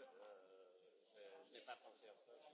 Euh, je n'ai pas pensé à cela.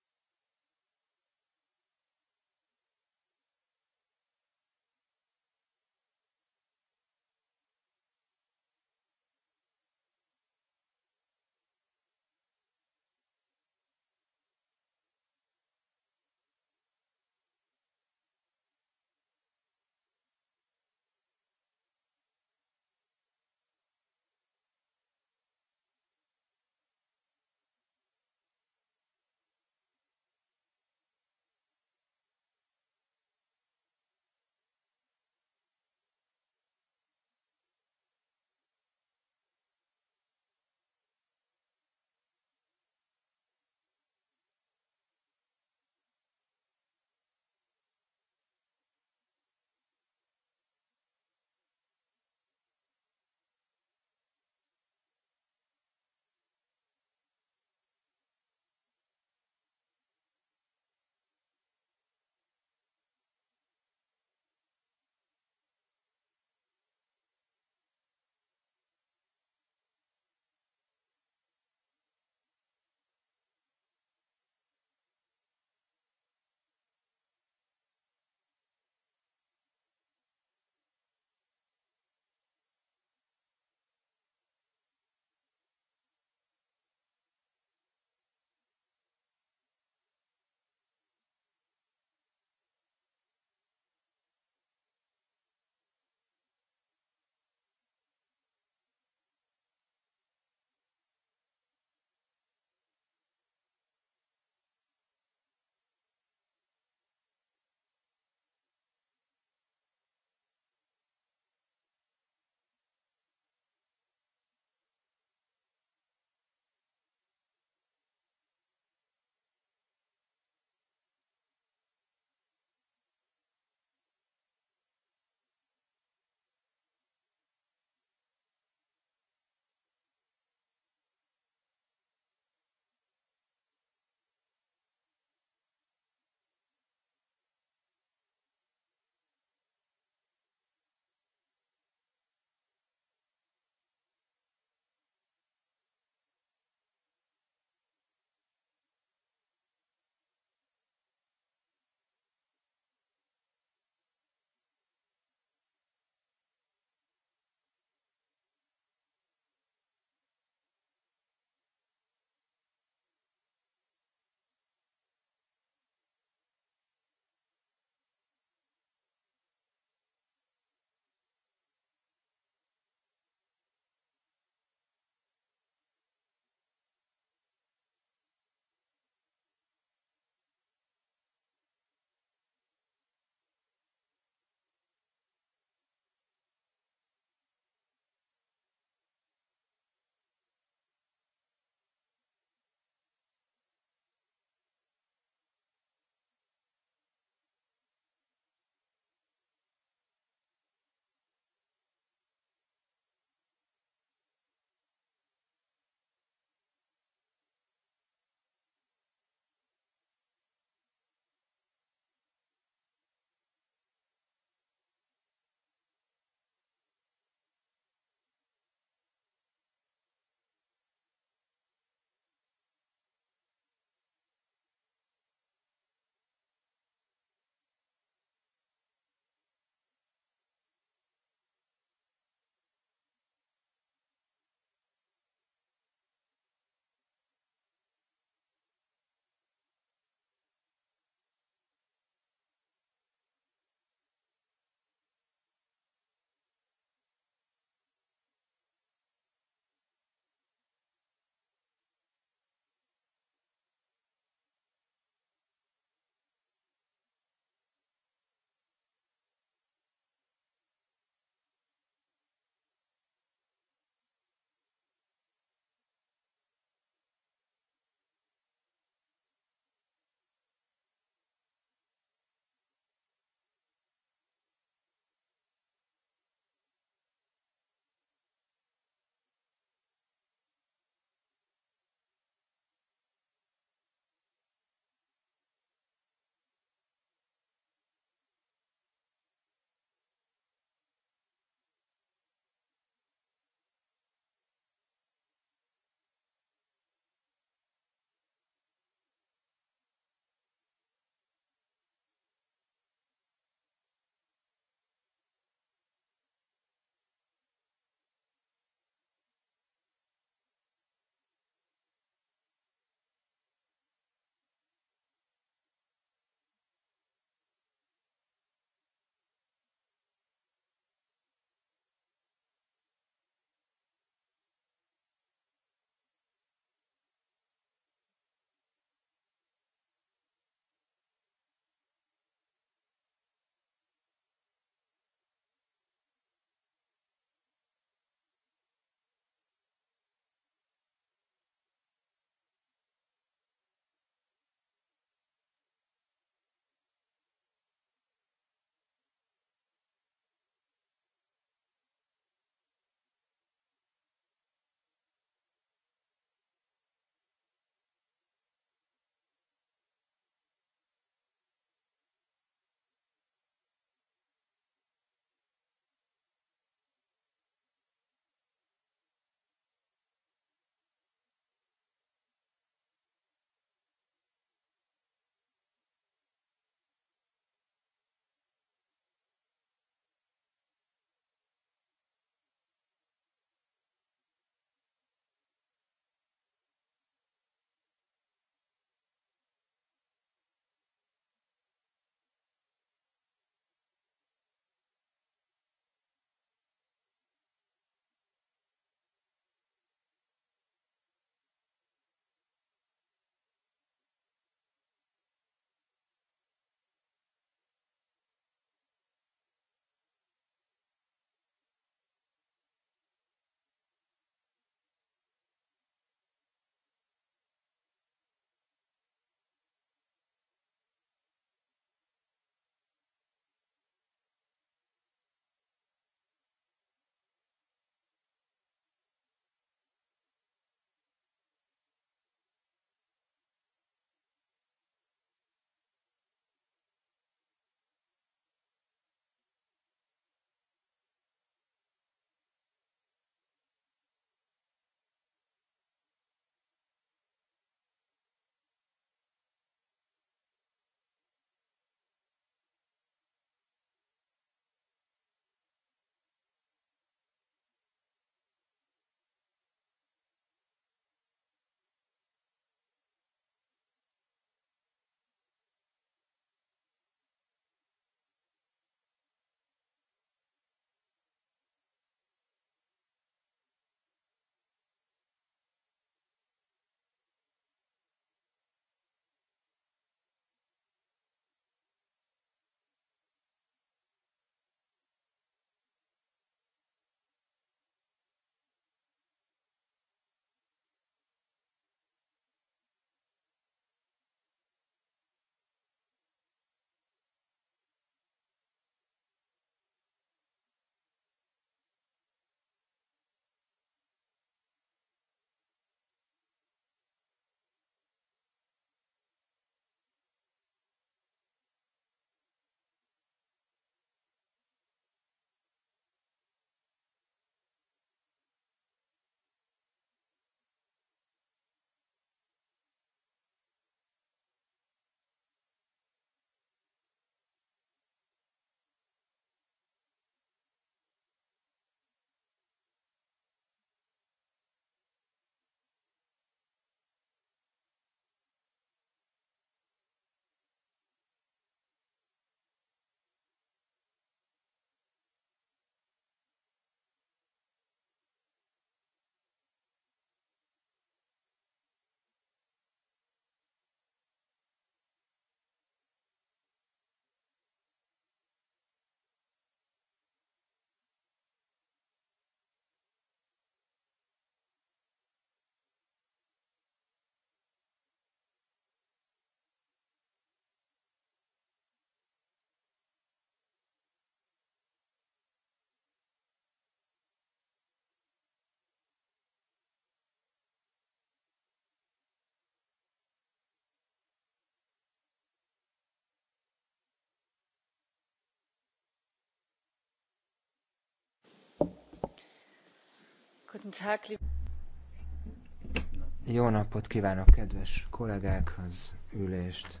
Jó napot kívánok, kedves kollégák, az ülést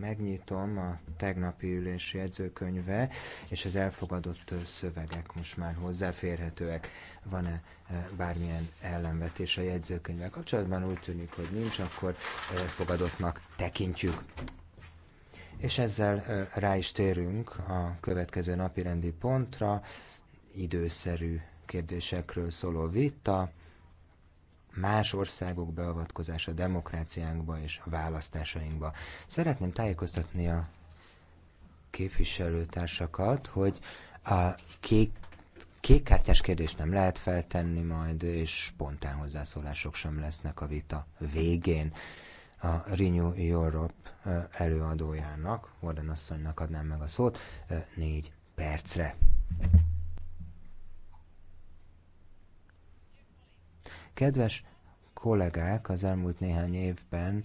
megnyitom a tegnapi ülési jegyzőkönyve, és az elfogadott szövegek most már hozzáférhetőek. Van-e e, bármilyen ellenvetés a jegyzőkönyvvel kapcsolatban? Úgy tűnik, hogy nincs, akkor elfogadottnak tekintjük. És ezzel e, rá is térünk a következő napi rendi pontra, időszerű kérdésekről szóló vita, más országok beavatkozása demokráciánkba és a választásainkba. Szeretném tájékoztatni a képviselőtársakat, hogy a kék kékkártyás kérdést nem lehet feltenni majd, és spontán hozzászólások sem lesznek a vita végén. A Renew Europe előadójának, Warden asszonynak adnám meg a szót, négy percre. Kedves kollégák, az elmúlt néhány évben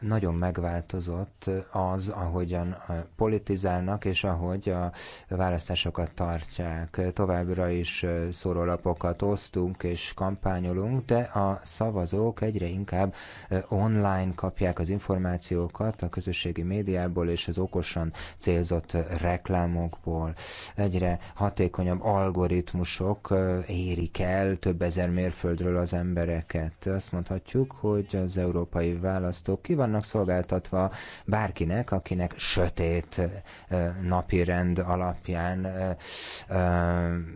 nagyon megváltozott az, ahogyan politizálnak, és ahogy a választásokat tartják. Továbbra is szórólapokat osztunk és kampányolunk, de a szavazók egyre inkább online kapják az információkat a közösségi médiából és az okosan célzott reklámokból. Egyre hatékonyabb algoritmusok érik el több ezer mérföldről az embereket. Azt mondhatjuk, hogy az európai választók ki vannak szolgáltatva bárkinek, akinek sötét napi rend alapján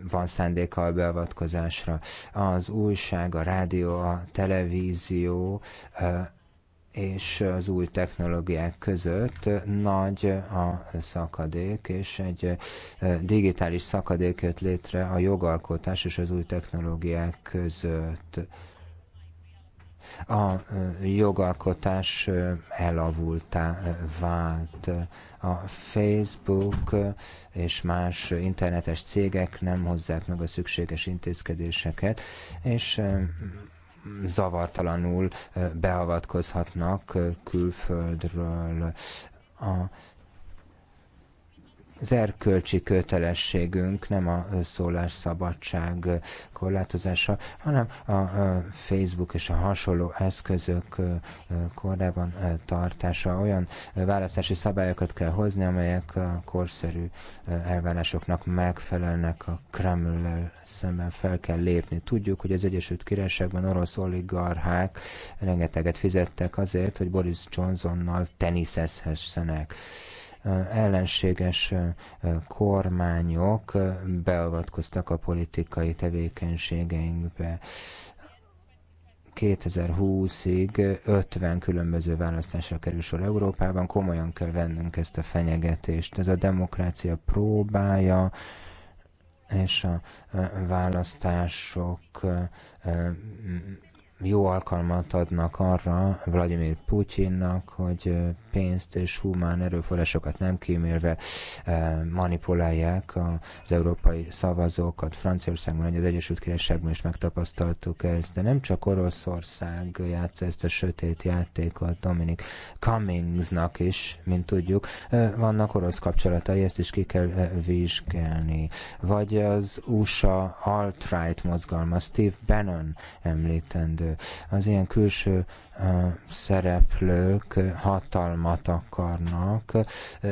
van szándéka a beavatkozásra. Az újság, a rádió, a televízió és az új technológiák között nagy a szakadék, és egy digitális szakadék jött létre a jogalkotás és az új technológiák között a jogalkotás elavultá vált. A Facebook és más internetes cégek nem hozzák meg a szükséges intézkedéseket, és zavartalanul beavatkozhatnak külföldről. A az erkölcsi kötelességünk, nem a szólásszabadság korlátozása, hanem a Facebook és a hasonló eszközök korában tartása. Olyan választási szabályokat kell hozni, amelyek a korszerű elvárásoknak megfelelnek a Kreml-lel szemben fel kell lépni. Tudjuk, hogy az Egyesült Királyságban orosz oligarchák rengeteget fizettek azért, hogy Boris Johnsonnal teniszezhessenek ellenséges kormányok beavatkoztak a politikai tevékenységeinkbe. 2020-ig 50 különböző választásra kerül sor Európában, komolyan kell vennünk ezt a fenyegetést. Ez a demokrácia próbája, és a választások jó alkalmat adnak arra Vladimir Putyinnak, hogy pénzt és humán erőforrásokat nem kímélve eh, manipulálják az európai szavazókat. Franciaországban, vagy az Egyesült Királyságban is megtapasztaltuk ezt, de nem csak Oroszország játsza ezt a sötét játékot, Dominic Cummingsnak is, mint tudjuk, eh, vannak orosz kapcsolatai, ezt is ki kell eh, vizsgálni. Vagy az USA alt-right mozgalma, Steve Bannon említendő. Az ilyen külső szereplők hatalmat akarnak.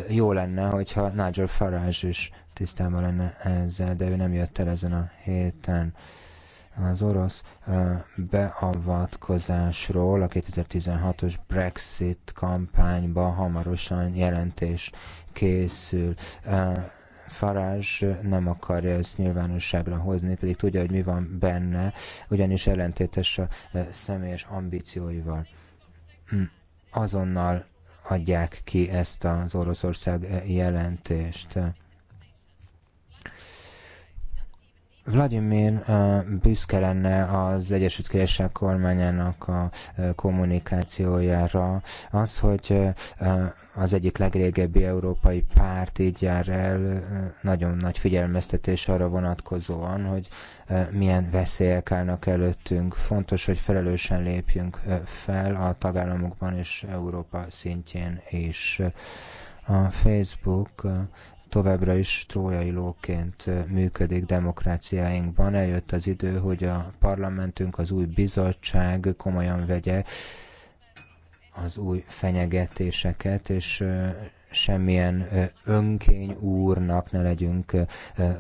Jó lenne, hogyha Nigel Farage is tisztában lenne ezzel, de ő nem jött el ezen a héten az orosz beavatkozásról a 2016-os Brexit kampányba hamarosan jelentés készül. Farage nem akarja ezt nyilvánosságra hozni, pedig tudja, hogy mi van benne, ugyanis ellentétes a e, személyes ambícióival. Hm, azonnal adják ki ezt az Oroszország e, jelentést. Vladimir büszke lenne az Egyesült Királyság kormányának a kommunikációjára. Az, hogy az egyik legrégebbi európai párt így jár el, nagyon nagy figyelmeztetés arra vonatkozóan, hogy milyen veszélyek állnak előttünk. Fontos, hogy felelősen lépjünk fel a tagállamokban és Európa szintjén is a Facebook továbbra is trójai lóként működik demokráciáinkban. Eljött az idő, hogy a parlamentünk, az új bizottság komolyan vegye az új fenyegetéseket, és semmilyen önkény úrnak ne legyünk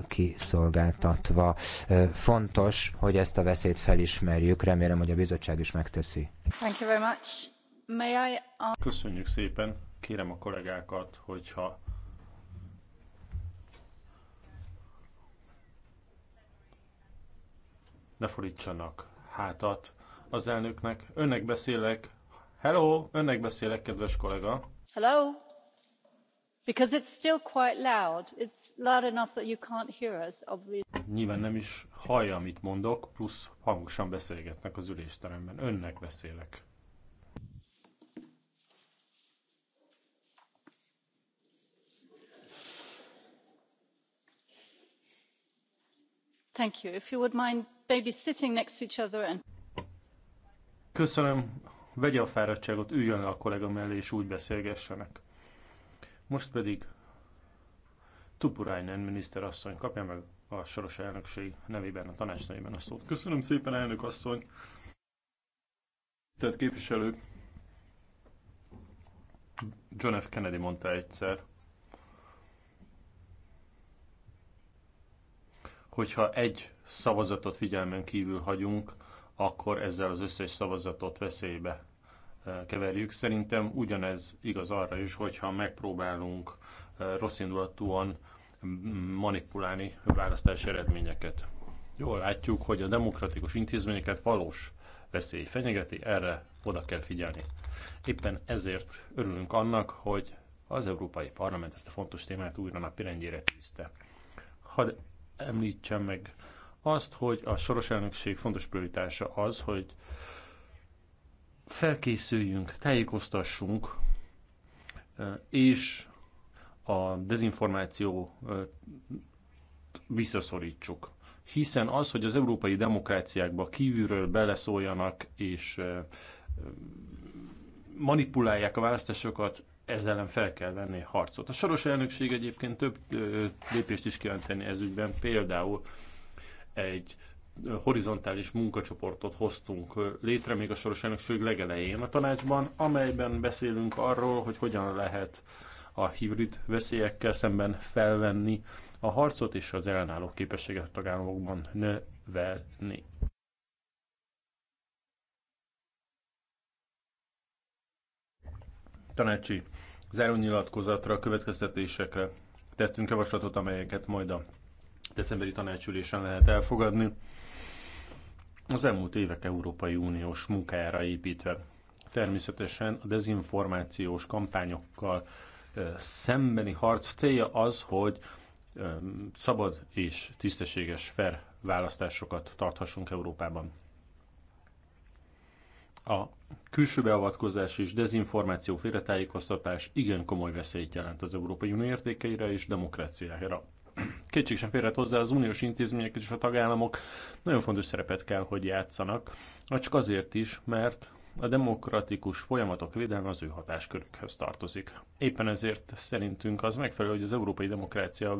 kiszolgáltatva. Fontos, hogy ezt a veszélyt felismerjük, remélem, hogy a bizottság is megteszi. Köszönjük szépen, kérem a kollégákat, hogyha ne fordítsanak hátat az elnöknek. Önnek beszélek. Hello, önnek beszélek, kedves kollega. Hello. Because it's still quite loud. It's loud enough that you can't hear us, obviously. Nyilván nem is hallja, amit mondok, plusz hangosan beszélgetnek az ülésteremben. Önnek beszélek. Köszönöm, vegye a fáradtságot, üljön le a kollega mellé, és úgy beszélgessenek. Most pedig Tupurainen asszony, kapja meg a soros elnökség nevében, a tanács nevében a szót. Köszönöm szépen, elnök asszony! Tisztelt képviselők! John F. Kennedy mondta egyszer, Hogyha egy szavazatot figyelmen kívül hagyunk, akkor ezzel az összes szavazatot veszélybe e, keverjük. Szerintem ugyanez igaz arra is, hogyha megpróbálunk e, rosszindulatúan manipulálni választási eredményeket. Jól látjuk, hogy a demokratikus intézményeket valós veszély fenyegeti, erre oda kell figyelni. Éppen ezért örülünk annak, hogy az Európai Parlament ezt a fontos témát újra napirendjére tűzte. Ha említsem meg azt, hogy a soros elnökség fontos prioritása az, hogy felkészüljünk, tájékoztassunk, és a dezinformáció visszaszorítsuk. Hiszen az, hogy az európai demokráciákba kívülről beleszóljanak és manipulálják a választásokat, ez ellen fel kell venni harcot. A soros elnökség egyébként több lépést is kíván tenni ez ügyben, például egy horizontális munkacsoportot hoztunk létre még a soros elnökség legelején a tanácsban, amelyben beszélünk arról, hogy hogyan lehet a hibrid veszélyekkel szemben felvenni a harcot és az ellenálló képességet a tagállamokban növelni. tanácsi zárónyilatkozatra, következtetésekre tettünk javaslatot, amelyeket majd a decemberi tanácsülésen lehet elfogadni. Az elmúlt évek Európai Uniós munkájára építve. Természetesen a dezinformációs kampányokkal szembeni harc célja az, hogy szabad és tisztességes, fair választásokat tarthassunk Európában. A külső beavatkozás és dezinformáció félretájékoztatás igen komoly veszélyt jelent az Európai Unió értékeire és demokráciájára. Kétség sem férhet hozzá, az uniós intézmények és a tagállamok nagyon fontos szerepet kell, hogy játszanak, vagy csak azért is, mert a demokratikus folyamatok védelme az ő hatáskörükhöz tartozik. Éppen ezért szerintünk az megfelelő, hogy az európai demokrácia